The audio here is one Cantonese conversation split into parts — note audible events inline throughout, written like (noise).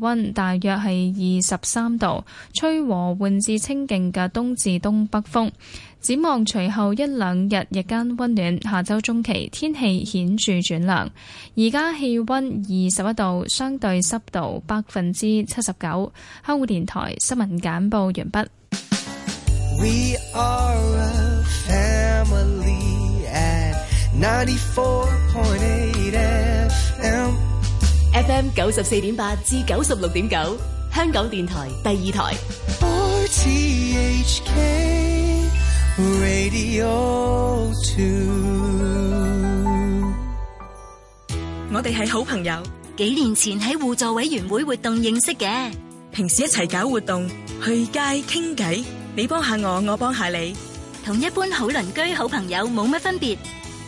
溫大約係二十三度，吹和緩至清勁嘅東至東北風。展望隨後一兩日日間溫暖，下周中期天氣顯著轉涼。而家氣溫二十一度，相對濕度百分之七十九。香港電台新聞簡報完畢。FM 九十四點八至九十六點九，香港電台第二台。R T H K Radio Two，我哋係好朋友，幾年前喺互助委員會活動認識嘅，平時一齊搞活動，去街傾偈，你幫下我，我幫下你，同一般好鄰居、好朋友冇乜分別。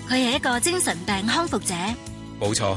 佢係一個精神病康復者，冇錯。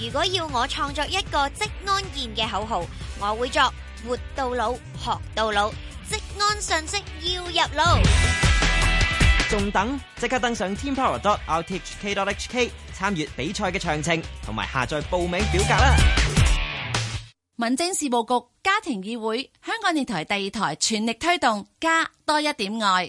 如果要我創作一個職安健嘅口號，我會作「活到老，學到老，職安信息要入腦。仲等？即刻登上 teenpower.rthk.hk 參與比賽嘅詳情，同埋下載報名表格啦！民政事務局家庭議會，香港電台第二台全力推動，加多一點愛。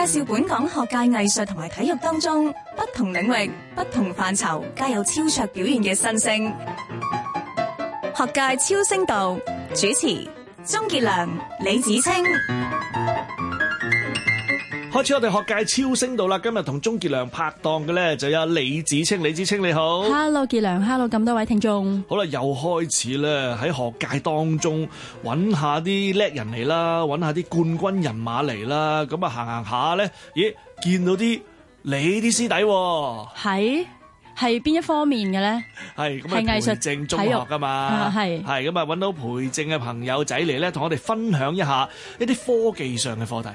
介紹本港學界、藝術同埋體育當中不同領域、不同範疇皆有超卓表現嘅新星。學界超星度主持：鍾傑良、李芷菁。開始我哋學界超聲度啦！今日同鍾傑良拍檔嘅咧，就有李芷菁。李芷菁你好，Hello 傑良，Hello，咁多位聽眾。好啦，又開始啦！喺學界當中揾下啲叻人嚟啦，揾下啲冠軍人馬嚟啦。咁啊，行行下咧，咦，見到啲你啲師弟喎。係。係邊一方面嘅咧？係藝術，培正中學噶嘛？係係咁啊！揾到培正嘅朋友仔嚟咧，同我哋分享一下一啲科技上嘅課題。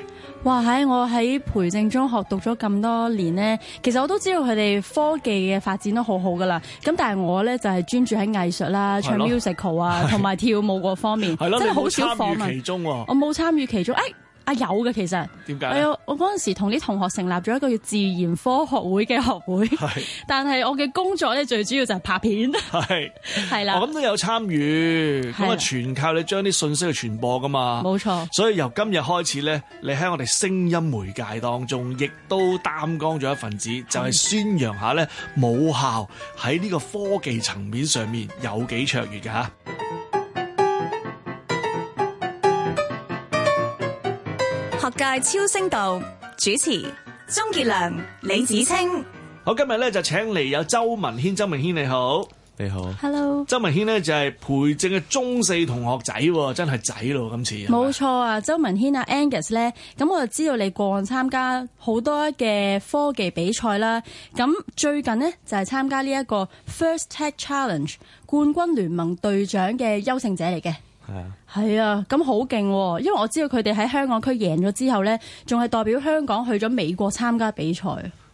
哇！喺我喺培正中學讀咗咁多年咧，其實我都知道佢哋科技嘅發展都好好噶啦。咁但係我咧就係專注喺藝術啦，的唱 musical 啊，同埋的跳舞嗰方面，的真係好少，參與其中，我冇參與其中。哎。啊有嘅，其實點解？我我嗰時同啲同學成立咗一個叫自然科學會嘅學會，是但係我嘅工作咧，最主要就係拍片。係係啦，的我咁都有參與，咁啊的全靠你將啲信息去傳播噶嘛。冇錯。所以由今日開始咧，你喺我哋聲音媒介當中，亦都擔當咗一份子，就係、是、宣揚下咧母校喺呢個科技層面上面有幾卓越㗎吓。學界超聲道，主持鍾傑良、李芷菁，好今日咧，就請嚟有周文軒，周文軒你好，你好，Hello，周文軒呢，就係培正嘅中四同學仔，真係仔咯，今次冇錯啊，周文軒啊，Angus 咧，咁我就知道你過往參加好多嘅科技比賽啦，咁最近呢，就係參加呢一個 First Tech Challenge 冠軍聯盟隊長嘅優勝者嚟嘅。係啊，係啊，咁好勁，因為我知道佢哋喺香港區贏咗之後呢，仲係代表香港去咗美國參加比賽，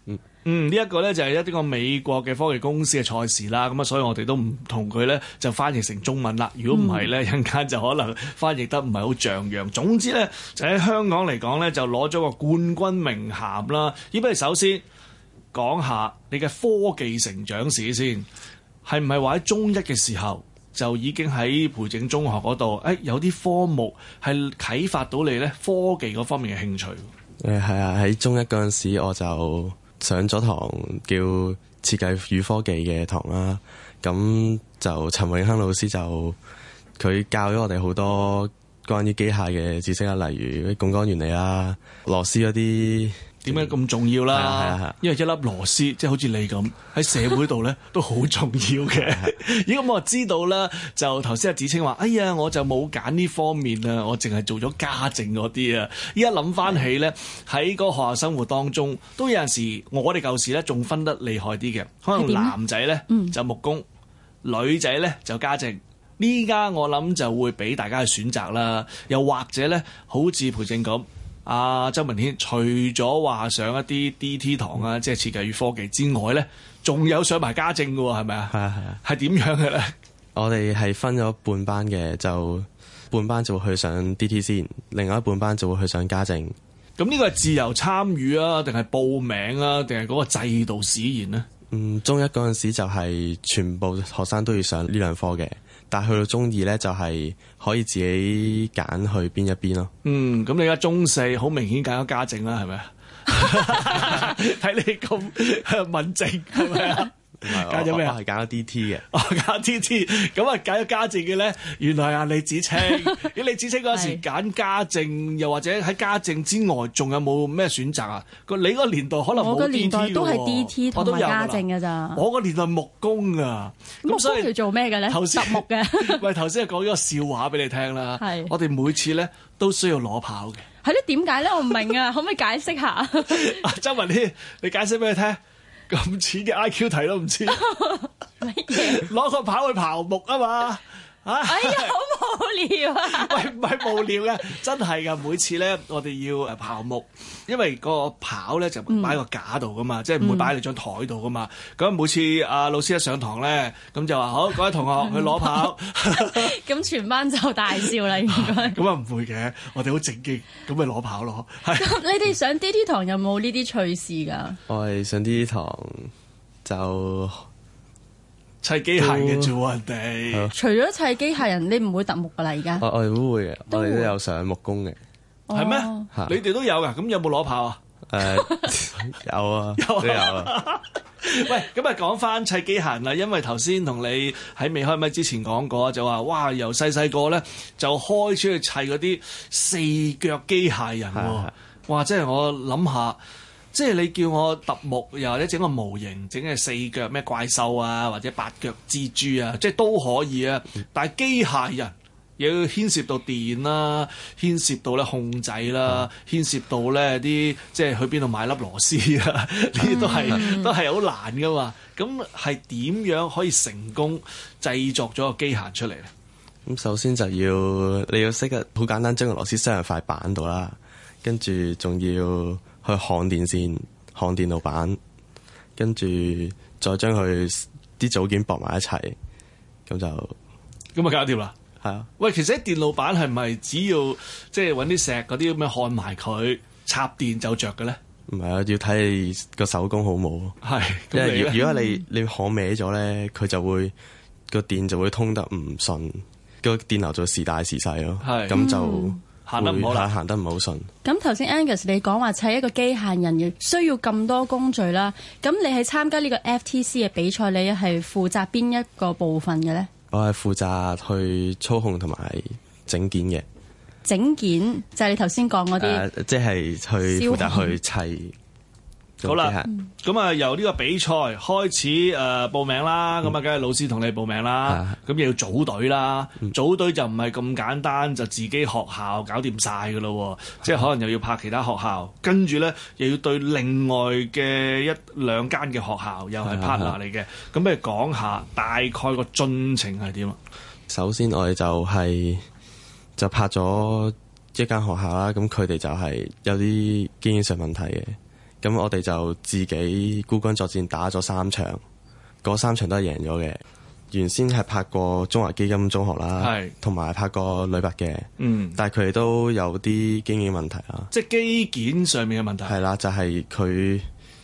嗯。嗯、呢、這個、一個呢，就係一啲個美國嘅科技公司嘅賽事啦。咁啊，所以我哋都唔同佢呢，就翻譯成中文啦。如果唔係呢，一陣間就可能翻譯得唔係好像樣。總之呢，就喺香港嚟講呢，就攞咗個冠軍名銜啦。要不如首先講下你嘅科技成長史先，係唔係話喺中一嘅時候？就已經喺培正中學嗰度，誒、哎、有啲科目係啟發到你咧科技嗰方面嘅興趣？誒係啊，喺中一嗰陣時，我就上咗堂叫設計與科技嘅堂啦。咁就陳永興老師就佢教咗我哋好多關於機械嘅知識啊，例如啲槓桿原理啊、螺絲嗰啲。點解咁重要啦？啊啊、因為一粒螺絲，即係好似你咁喺社會度咧，都好重要嘅。如 (laughs) 果我知道啦。就頭先阿芷菁話，哎呀，我就冇揀呢方面啊，我淨係做咗家政嗰啲啊。依家諗翻起咧，喺個學校生活當中，都有陣時我哋舊時咧仲分得厲害啲嘅。可能男仔咧就木工，嗯、女仔咧就家政。呢家我諗就會俾大家嘅選擇啦。又或者咧，好似培正咁。阿、啊、周文軒，除咗話上一啲 DT 堂啊，即係設計與科技之外呢，仲有上埋家政嘅喎，係咪啊？係啊係啊，係點樣嘅呢？我哋係分咗半班嘅，就半班就會去上 DT 先，另外一半班就會去上家政。咁呢個係自由參與啊，定係報名啊，定係嗰個制度使然呢？嗯，中一嗰陣時就係全部學生都要上呢兩科嘅。但去到中二咧，就係可以自己揀去邊一邊咯。嗯，咁你而家中四，好明顯揀咗家政啦，係咪啊？睇 (laughs) (laughs) (laughs) 你咁文靜，係咪啊？ (laughs) (laughs) 揀咗咩？揀咗 D T 嘅，揀 D T。咁啊，揀咗家政嘅咧，原來啊，李芷菁！清。李芷菁嗰時揀家政，又或者喺家政之外，仲有冇咩選擇啊？你嗰個年代可能我個年代都係 D T 我都埋家政嘅咋？我個年代木工啊，咁所以佢做咩嘅咧？伐木嘅。喂，頭先係講咗個笑話俾你聽啦。係。我哋每次咧都需要攞跑嘅。係咧？點解咧？我唔明啊！可唔可以解釋下？周文軒，你解釋俾佢聽。咁淺嘅 I.Q. 題都唔知，攞 (laughs) (laughs) 個刨去刨木啊嘛！啊！哎呀，好無聊啊！唔係唔係無聊嘅，真係噶。每次咧，我哋要誒刨木，因為個刨咧就擺個架度噶嘛，即係唔會擺喺你張台度噶嘛。咁每次阿老師一上堂咧，咁就話好，各位同學去攞刨，咁全班就大笑啦。應該咁啊，唔會嘅。我哋好正經，咁咪攞刨咯。咁你哋上 D T 堂有冇呢啲趣事噶？我哋上 D T 堂就。砌機械嘅做我哋除咗砌機械人，你唔會揼木噶啦，而家、 (noise) 啊、我我都會嘅，我哋都有上木工嘅，係咩？你哋都有噶？咁有冇攞炮啊？誒、 (laughs) 呃，有啊，有啊都有、啊。 (laughs) 喂，咁啊，講翻砌機械人啦，因為頭先同你喺未開咪之前講過，就話哇，由細細個咧就開出去砌嗰啲四腳機械人、啊哇，哇！即係我諗下。即係你叫我揼木又或者整個模型，整個四腳咩怪獸啊，或者八腳蜘蛛啊，即係都可以啊。嗯、但係機械人又要牽涉到電啦、啊，牽涉到咧控制啦、啊，嗯、牽涉到咧啲即係去邊度買粒螺絲啊，呢啲都係、嗯、都係好難噶嘛。咁係點樣可以成功製作咗個機械出嚟咧？咁、嗯、首先就要你要識嘅好簡單，將個螺絲塞入塊板度啦，跟住仲要。去焊電線、焊電路板，跟住再將佢啲組件駁埋一齊，咁就咁啊搞掂啦。係啊，喂，其實啲電路板係咪只要即係揾啲石嗰啲咁樣焊埋佢插電就着嘅咧？唔係啊，要睇你個手工好冇咯。係，因為如果你你焊歪咗咧，佢就會個電就會通得唔順，個電流就會時大時細咯。係是，咁、嗯、就。行得唔好啦，行得唔好順。咁頭先 Angus 你講話砌一個機械人嘅需要咁多工序啦，咁你係參加呢個 FTC 嘅比賽，你係負責邊一個部分嘅咧？我係負責去操控同埋整件嘅。整件就係、係、你頭先講嗰啲。即係、呃就係、去負責去砌。好啦，咁啊、嗯、由呢個比賽開始誒、呃、報名啦，咁啊梗係老師同你報名啦，咁、嗯、又要組隊啦，嗯、組隊就唔係咁簡單，就自己學校搞掂晒噶咯，嗯、即係可能又要拍其他學校，跟住呢又要對另外嘅一兩間嘅學校又係 partner 嚟嘅，咁啊講下大概個進程係點啊？首先我哋就係、是、就拍咗一間學校啦，咁佢哋就係有啲經驗上問題嘅。咁我哋就自己孤軍作戰，打咗三場，嗰三場都係贏咗嘅。原先係拍過中華基金中學啦，同埋是拍過女拔嘅，嗯、但係佢哋都有啲經驗問題啊。即係機件上面嘅問題。係啦，就係佢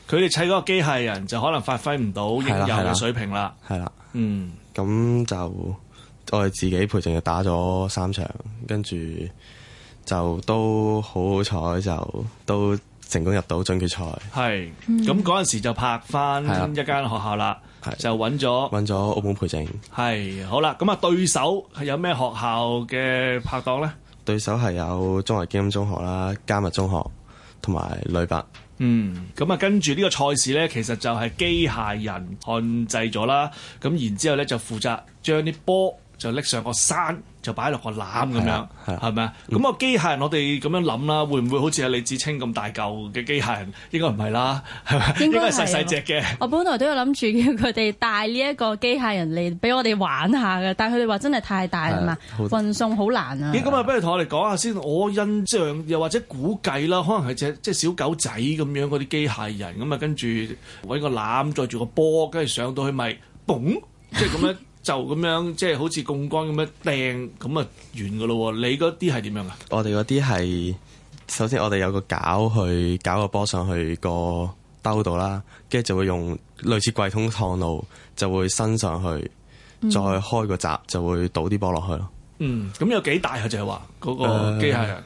佢哋砌嗰個機械人就可能發揮唔到應有嘅水平啦。係啦、啊，啊啊、嗯，咁就我哋自己培正就打咗三場，跟住就都好好彩，就都。成功入到準決賽，係咁，嗰陣時就拍翻一間學校啦，啊、就揾咗揾咗澳門培正，係好啦。咁啊對手係有咩學校嘅拍檔咧？對手係有中華基金中學啦、加密中學同埋女白。嗯，咁啊跟住呢個賽事咧，其實就係機械人控制咗啦，咁然之後咧就負責將啲波就拎上個山。就擺落個籃咁、嗯、樣，係咪啊？咁個吧、嗯、機械人我哋咁樣諗啦，會唔會好似係李芷菁咁大嚿嘅機械人？應該唔係啦，係咪？什應該係細細隻嘅。我本來都有諗住叫佢哋帶呢一個機械人嚟俾我哋玩下嘅，但係佢哋話真係太大啊嘛，運送好難啊。咦、嗯？咁啊，不如同我哋講下先。我印象又或者估計啦，可能係隻即係小狗仔咁樣嗰啲機械人咁啊，跟住揾個籃載住個波，跟住上到去咪，嘣，即係咁樣。 (laughs) 就咁樣，即係好似槓桿咁樣掟，咁啊完㗎咯喎！你嗰啲係點樣啊？我哋嗰啲係，首先我哋有個攪去搞個波上去個兜度啦，跟住就會用類似櫃桶趟路，就會伸上去再開個閘，就會倒啲波落去咯。嗯，咁有幾大啊？就係話嗰個機械人。呃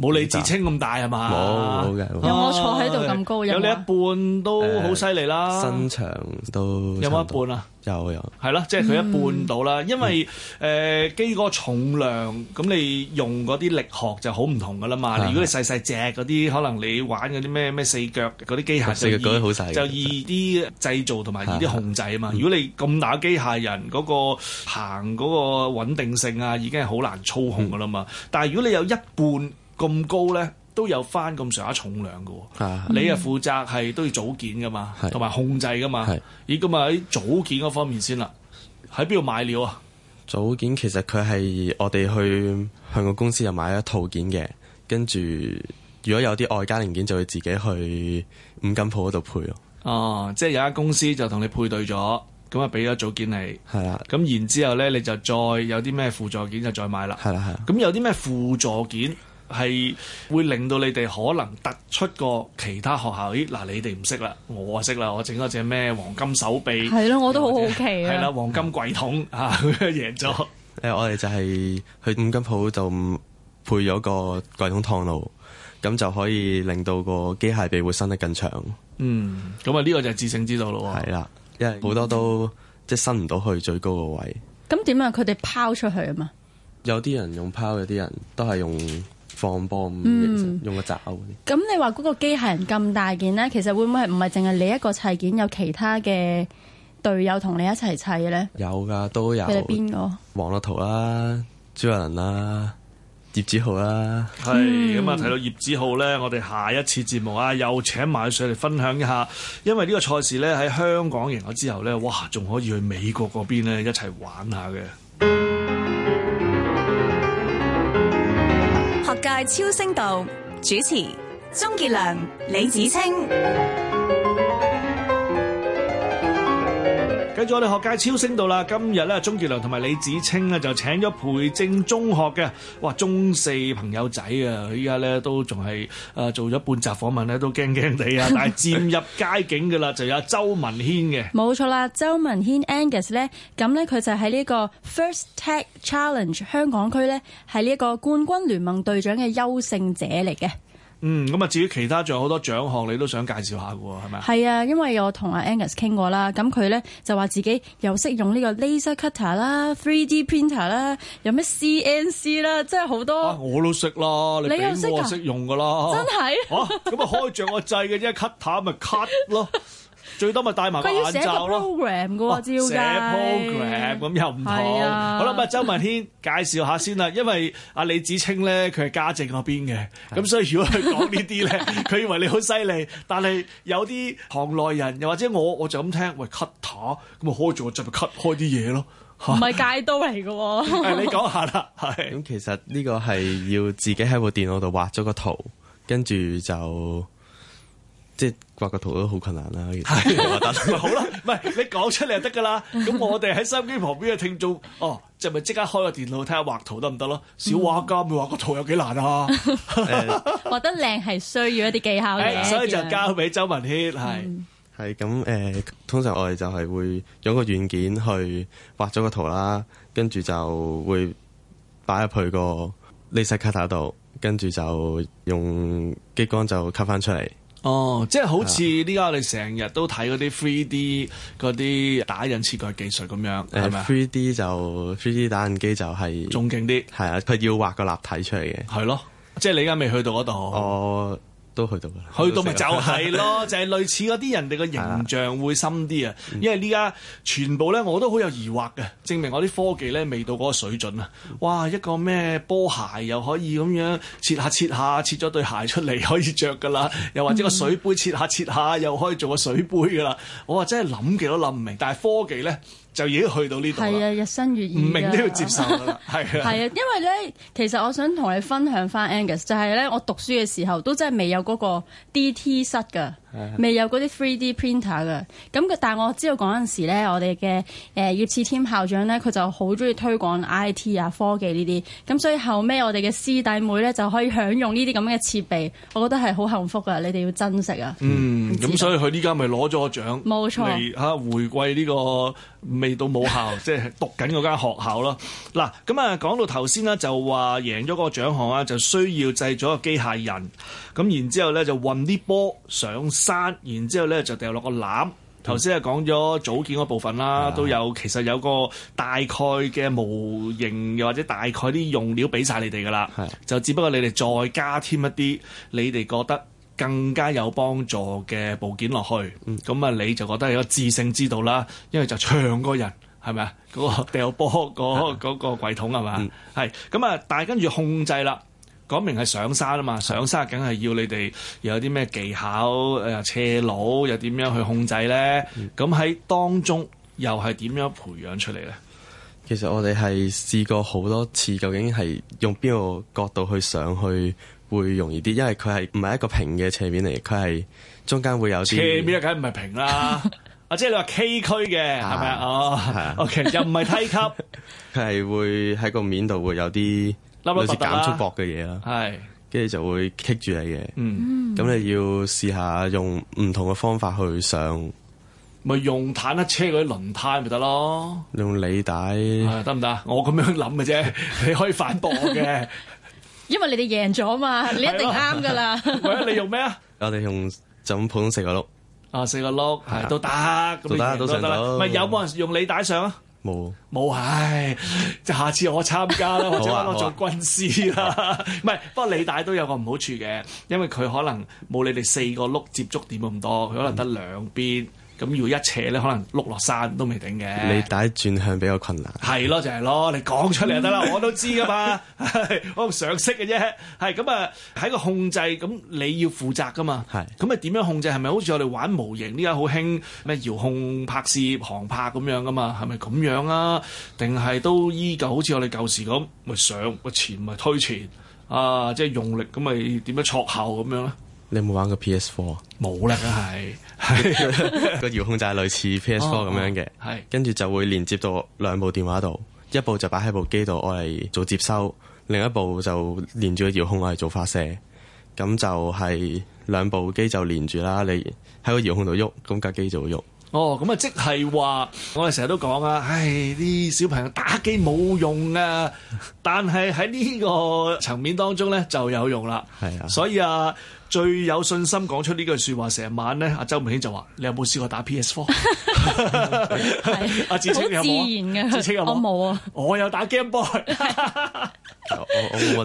冇你自稱咁大係嘛？冇嘅，有我坐喺度咁高有你一半都好犀利啦！身長都有冇一半啊？有有係咯，即係佢一半到啦。因為誒，機嗰個重量咁，你用嗰啲力學就好唔同噶啦嘛。如果你細細隻嗰啲，可能你玩嗰啲咩咩四腳嗰啲機械，四腳腳好細，就易啲製造同埋易啲控制啊嘛。如果你咁大嘅機械人嗰個行嗰個穩定性啊，已經係好難操控噶啦嘛。但係如果你有一半。咁高呢都有翻咁上下重量嘅。是的 你啊，負責係都要組件噶嘛，同埋是的 控制噶嘛。咦，咁啊，喺組件嗰方面先啦。喺邊度買料啊？啊組件其實佢係我哋去向個公司又買一套件嘅，跟住如果有啲外加零件，就會自己去五金鋪嗰度配咯，啊。哦，即係有間公司就同你配對咗，咁啊俾咗組件你。係啦，咁然之後咧，你就再有啲咩輔助件就再買啦。係啦，係啦。咁有啲咩輔助件？係會令到你哋可能突出過其他學校。咦，嗱，啊，你哋唔識啦，我識啦。我整咗隻咩黃金手臂？係咯，我都好好奇啊。嘅。係啦，黃金櫃桶啊，贏咗。誒，我哋就係去五金鋪就配咗個櫃桶趟路，咁就可以令到個機械臂會伸得更長。嗯，咁啊，呢個就係致勝之道咯。係啦，因為好多都即係伸唔到去最高嘅位。咁點啊？佢哋拋出去啊嘛。有啲人用拋，有啲人都係用。放波用個爪嗰咁、嗯、你話嗰個機械人咁大件咧，其實會唔會係唔係淨係你一個砌件，有其他嘅隊友同你一齊砌嘅咧？有㗎都有。佢哋邊個？黃樂圖啦、朱雲林啦、葉子浩啦。係咁啊！睇、 (noise) hey, 到葉子浩咧，我哋下一次節目啊，又請埋上嚟分享一下。因為呢個賽事咧喺香港贏咗之後咧，哇，仲可以去美國嗰邊咧一齊玩一下嘅。 (music) 超聲道主持：鍾傑良、李芷菁。跟住我哋學界超聲到啦，今日咧，鍾傑良同埋李芷菁咧，就請咗培正中學嘅哇中四朋友仔啊，佢依家咧都仲係誒做咗半集訪問咧，都驚驚地啊，但係漸入佳境噶啦， (laughs) 就有周文軒嘅冇錯啦，周文軒 Angus 咧，咁咧佢就喺呢個 First Tech Challenge 香港區咧，係呢一個冠軍聯盟隊長嘅優勝者嚟嘅。嗯，咁啊至於其他仲有好多獎項，你都想介紹下嘅喎，係咪啊？係啊，因為我同阿 Angus 傾過啦，咁佢咧就話自己又識用呢個 laser cutter 啦，3D printer 啦，有咩 CNC 啦，即係好多、啊。我都識啦，你比我識用嘅啦，真係的。咁啊開著我制嘅啫，cutter 咪 cut 咯。 (laughs) 最多咪帶埋個軟件，寫 program 嘅喎，啊、照㗎的。寫 program 咁又唔同。是啊、好啦，咪周文軒介紹下先啦，因為阿李子清咧，佢係家政嗰邊嘅，咁 (laughs) 所以如果佢講呢啲咧，佢 (laughs) 以為你好犀利，但係有啲行內人，又或者我，我就咁聽喂 cutter 咁咪開咗，我準備 cut 開啲嘢咯，唔係 (laughs) 戒刀嚟嘅喎。係你講下啦，係。咁其實呢個係要自己喺部電腦度畫咗個圖，跟住就。即係畫個圖都好困難啦、啊。係是，但係咪好啦？唔係你講出嚟就得噶啦。咁我哋喺收音旁邊嘅聽眾哦，就咪即刻開個電腦睇下畫圖得唔得咯？小畫家咪畫個圖有幾難啊？畫、 (laughs) 欸、 (laughs) 得靚係需要一啲技巧嘅。所以就交俾周文謙係係咁誒。通常我哋就係會用個軟件去畫咗個圖啦，跟住就會擺入去個 l a 卡塔度，跟住就用激光就吸 u 翻出嚟。哦，即係好似呢家我哋成日都睇嗰啲 three D 嗰啲打印切割技術咁樣，係咪啊？three D 就 three D 打印機就係，仲勁啲，係啊，佢要畫個立體出嚟嘅，係咯，即係你而家未去到嗰度。呃都去到噶啦，去到咪就係咯， (laughs) 就係類似嗰啲人哋嘅形象會深啲啊！因為呢家全部咧，我都好有疑惑嘅，證明我啲科技咧未到嗰個水準啊！哇，一個咩波鞋又可以咁樣切下切下，切咗對鞋出嚟可以着噶啦，又或者個水杯切下切下又可以做個水杯噶啦， (laughs) 我話真係諗極都諗唔明，但係科技咧。就已經去到呢度，係啊，日新月異唔明都要接受啦，係 (laughs) 啊，係啊，因為咧，其實我想同你分享翻 Angus，就係咧，我讀書嘅時候都真係的未有嗰個 DT 室㗎，未有嗰啲 3D printer 㗎。咁但係我知道嗰陣時咧，我哋嘅誒葉賜添校長咧，佢就好中意推廣 IT 啊科技呢啲。咁所以後尾我哋嘅師弟妹咧就可以享用呢啲咁嘅設備，我覺得係好幸福嘅，你哋要珍惜啊。嗯，咁、嗯、所以佢呢家咪攞咗個獎，冇錯，嚇回歸呢、呢個。沒錯 未到母校， (laughs) 即係讀緊嗰間學校咯。嗱，咁啊，講到頭先咧，就話贏咗個獎項啊，就需要製咗個機械人。咁然之後呢，就運啲波上山，然之後呢，就掉落個籃。頭先係講咗組建嗰部分啦，都有其實有個大概嘅模型，又或者大概啲用料俾晒你哋㗎啦。的就只不過你哋再加添一啲，你哋覺得更加有幫助嘅部件落去，咁啊、嗯、你就覺得有個致勝之道啦。因為就唱、嗰個人係咪啊？嗰個掉波嗰嗰個櫃 (laughs) 桶係嘛？係咁啊！但係跟住控制啦，講明係上山啊嘛，上山梗係要你哋有啲咩技巧，誒、啊、斜路又點樣去控制咧？咁喺、嗯、當中又係點樣培養出嚟咧？其實我哋係試過好多次，究竟係用邊個角度去上去？會容易啲，因為佢係唔係一個平嘅斜面嚟，佢係中間會有斜面梗係唔係平啦，啊即係你話崎嶇嘅係咪啊？哦，OK 又唔係梯級，係會喺個面度會有啲類似減速薄嘅嘢啦，係跟住就會棘住你嘅，咁你要試下用唔同嘅方法去上，咪用坦克車嗰啲輪胎咪得咯，用履帶得唔得啊？我咁樣諗嘅啫，你可以反駁嘅。因為你哋贏咗嘛，你一定啱噶啦。喂，你用咩啊？我哋用就咁普通四個碌，啊四個碌都得，咁得都上到。咪有冇人用履帶上啊？冇冇，唉，就下次我參加啦，或者我做軍師啦。唔係，不過履帶都有個唔好處嘅，因為佢可能冇你哋四個碌接觸點咁多，佢可能得兩邊。咁要一扯咧，可能碌落山都未定嘅。你打轉向比較困難。係咯，就係、是、咯，你講出嚟就得啦，嗯、我都知噶嘛， (laughs) 我唔想識嘅啫。係咁啊，喺個控制咁你要負責噶嘛。係咁啊，點樣控制，係咪好似我哋玩模型呢家好興咩遙控拍攝航拍咁樣噶嘛？係咪咁樣啊？定係都依舊好似我哋舊時咁，咪上咪前咪推前啊，即係用力咁咪點樣挫後咁樣咧？你有冇玩過 PS Four？冇啦，梗係。個遙控就係類似 PS Four 咁、哦、樣嘅，係跟住就會連接到兩部電話度，是一部就擺喺部機度，我嚟做接收；另一部就連住個遙控，我嚟做發射。咁就係兩部機就連住啦。你喺個遙控度喐，咁架機就會喐。哦，咁啊，即係話我哋成日都講啊，唉，啲小朋友打機冇用啊， (laughs) 但係喺呢個層面當中咧就有用啦。係啊，所以啊。最有信心講出呢句説話，成晚咧，阿周文軒就話：你有冇試過打 PS Four？阿芷菁有冇啊？我冇啊！我有打 Game Boy。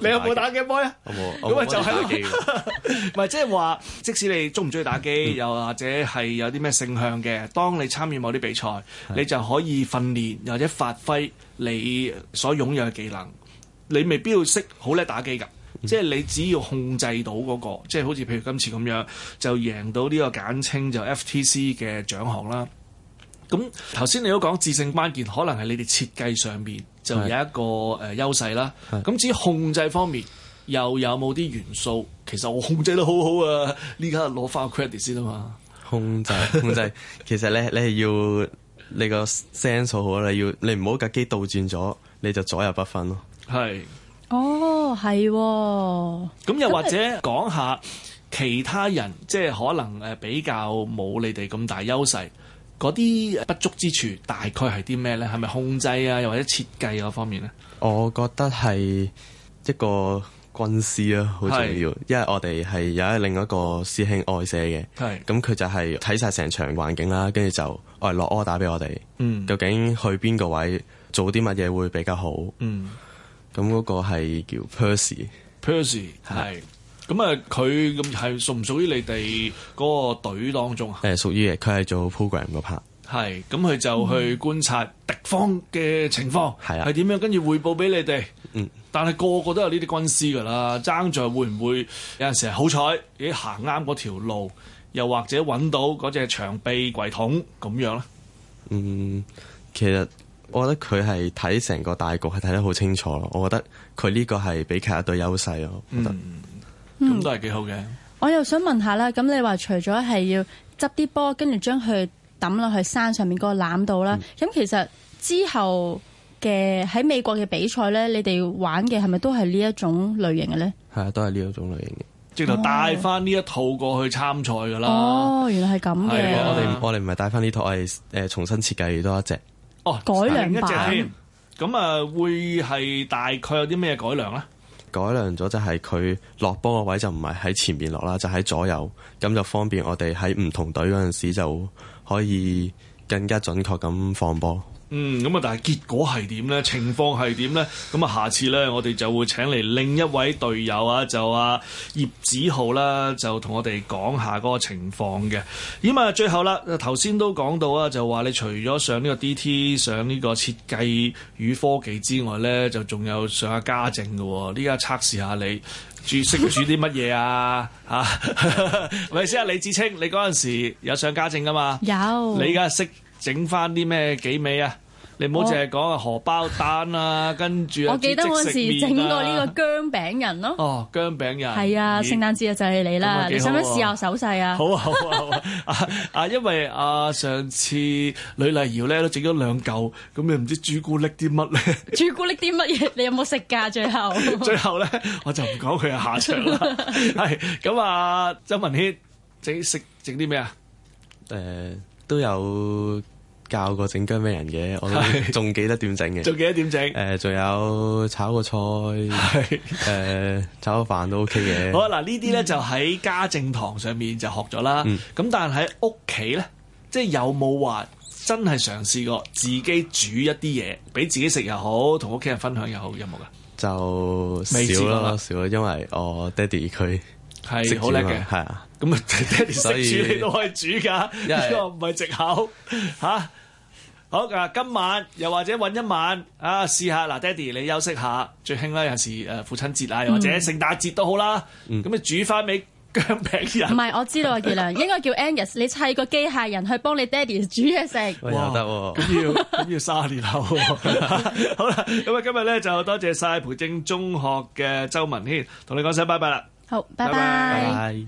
你有冇打 Game Boy 啊？冇啊！咁啊，就係唔打機。唔係，即係話，即使你中唔中意打機，又或者係有啲咩性向嘅，當你參與某啲比賽，你就可以訓練又或者發揮你所擁有嘅技能。你未必要識好叻打機㗎。即係你只要控制到嗰、那個，即係好似譬如今次咁樣，就贏到呢個簡稱就 FTC 嘅獎項啦。咁頭先你都講致勝關鍵，可能係你哋設計上面，就有一個誒優勢啦。咁是至於控制方面，又有冇啲元素？其實我控制得好好啊，呢家攞翻 credit 先啊嘛。控。控制控制， (laughs) 其實咧你係要你個 sense 好啦，你要你唔好架機倒轉咗，你就左右不分咯。係。哦，係咁、哦、又或者講下其他人，即係可能誒比較冇你哋咁大優勢，嗰啲不足之處大概係啲咩呢？係咪控制啊，又或者設計嗰方面呢？我覺得係一個軍師咯、啊，好重要，是因為我哋係有喺另一個師兄外社嘅，咁佢是就係睇晒成場環境啦、啊，跟住就外落 order 俾我哋，嗯、究竟去邊個位做啲乜嘢會比較好？嗯咁嗰個係叫 Persie，Persie，係，咁啊佢咁係屬唔屬於你哋嗰個隊當中啊？誒，屬於嘅，佢係做 program 個 part。係，咁佢就去觀察敵方嘅情況，係、嗯、啊，係點樣，跟住匯報俾你哋。嗯，但係個個都有呢啲軍師噶啦，爭在會唔會有陣時係好彩，已經行啱嗰條路，又或者揾到嗰隻長臂櫃桶咁樣咧。嗯，其實。我覺得佢係睇成個大局，係睇得好清楚咯。我覺得佢呢個係比其他隊優勢咯。嗯、我覺得咁、嗯、都係幾好嘅。我又想問下啦，咁你話除咗係要執啲波，跟住將佢抌落去山上面嗰個籃度啦，咁、嗯、其實之後嘅喺美國嘅比賽咧，你哋玩嘅係咪都係呢一種類型嘅咧？係啊、嗯，都係呢一種類型嘅，直頭帶翻呢一套過去參賽噶啦。哦，原來係咁嘅。我哋我哋唔係帶翻呢套，我哋誒重新設計多一隻。哦，改良版，咁啊，呃，會係大概有啲咩改良咧？改良咗就係佢落波個位就唔係喺前面落啦，就喺、是、左右，咁就方便我哋喺唔同隊嗰陣時就可以更加準確咁放波。嗯，咁啊，但係結果係點咧？情況係點咧？咁啊，下次咧，我哋就會請嚟另一位隊友啊，就啊葉子浩啦，就同我哋講下嗰個情況嘅。咁啊，最後啦，頭先都講到啊，就話你除咗上呢個 D.T. 上呢個設計與科技之外咧，就仲有上下家政噶。呢家測試下你住識唔識煮啲乜嘢啊？啊，係咪先啊？李芷菁，你嗰陣時有上家政噶嘛？有。你而家識？整翻啲咩幾味啊？你唔好淨係講啊荷包蛋啦，跟住啊豬食麵啊！我記得嗰時整過呢個薑餅人咯。哦，薑餅人係啊，聖誕節就係你啦。你想唔想試下手勢啊？好啊好啊！啊啊，因為啊上次呂麗瑤咧都整咗兩嚿，咁你唔知朱古力啲乜咧？朱古力啲乜嘢？你有冇食噶？最後最後咧，我就唔講佢嘅下場啦。係咁啊，周文軒整食整啲咩啊？誒。都有教過整薑咩人嘅，我仲記得點整嘅，仲記得點整。誒，仲有炒個菜，誒 (laughs) 炒個飯都 OK 嘅。好啊，嗱呢啲咧，嗯、就喺家政堂上面就學咗啦。咁，嗯、但係喺屋企咧，即係有冇話真係嘗試過自己煮一啲嘢俾自己食又好，同屋企人分享又好，有冇噶？就少啦，少啦，因為我爹哋佢係食好叻嘅，係煮啊。咁啊，爹哋識煮你都可以煮噶，呢個唔係藉口吓。好嗱，今晚又或者揾一晚啊，試下嗱，爹哋你休息下最興啦，有時誒父親節啊，又或者聖誕節都好啦，咁啊煮翻俾姜餅人。唔係，我知道啊，傑良應該叫 Angus，你砌個機械人去幫你爹哋煮嘢食。又得咁要咁要卅年後。好啦，咁啊今日咧就多謝晒培正中學嘅周文軒，同你講聲拜拜啦。好，拜拜。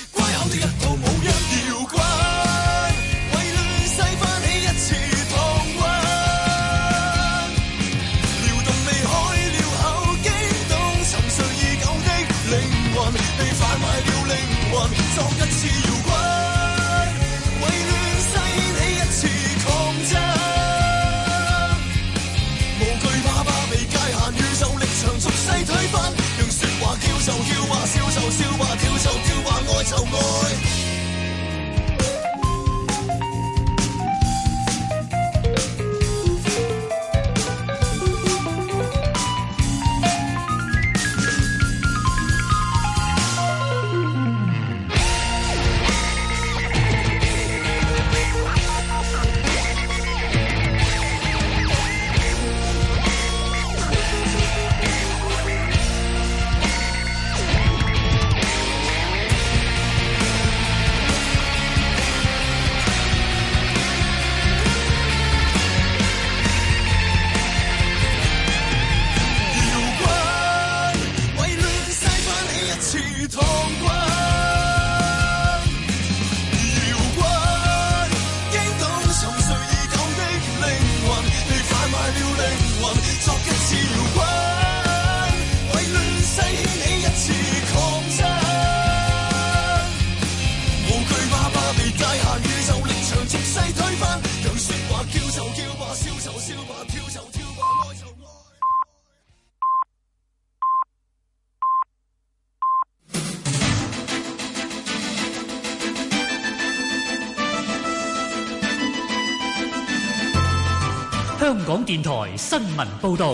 台新聞報道，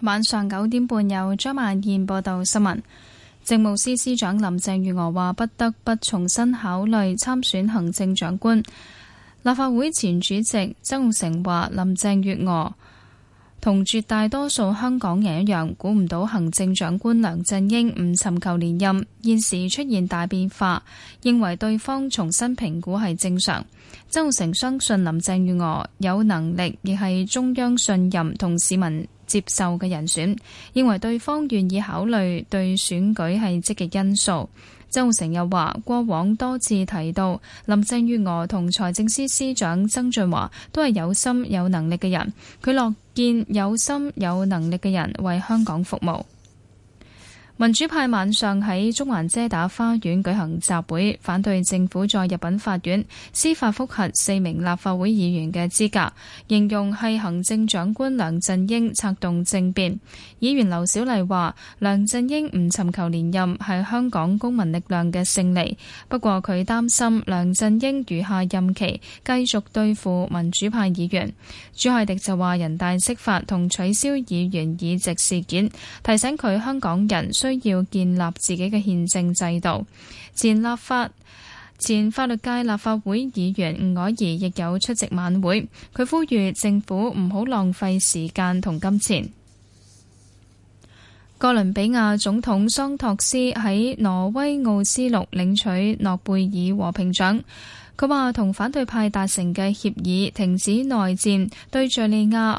晚上九點半有張曼燕報道新聞。政務司司長林鄭月娥話，不得不重新考慮參選行政長官。立法會前主席曾鈺成話，林鄭月娥同絕大多數香港人一樣，估唔到行政長官梁振英唔尋求連任，現時出現大變化，認為對方重新評估係正常。曾鈺成相信林鄭月娥有能力，亦係中央信任同市民接受嘅人選，認為對方願意考慮對選舉係積極因素。曾鈺成又話，過往多次提到林鄭月娥同財政司司長曾俊華都係有心有能力嘅人，佢樂見有心有能力嘅人為香港服務。民主派晚上喺中環遮打花園舉行集會，反對政府在入稟法院司法複核四名立法會議員嘅資格，形容係行政長官梁振英策動政變。議員劉小麗話，梁振英唔尋求連任係香港公民力量嘅勝利，不過佢擔心梁振英餘下任期繼續對付民主派議員。朱凱迪就話，人大釋法同取消議員議席事件，提醒佢香港人需需要建立自己嘅憲政制度。前立法前法律界立法會議員吳靄儀亦有出席晚會，佢呼籲政府唔好浪費時間同金錢。哥倫比亞總統桑托斯喺挪威奧斯陸領取諾貝爾和平獎，佢話同反對派達成嘅協議停止內戰，對敘利亞。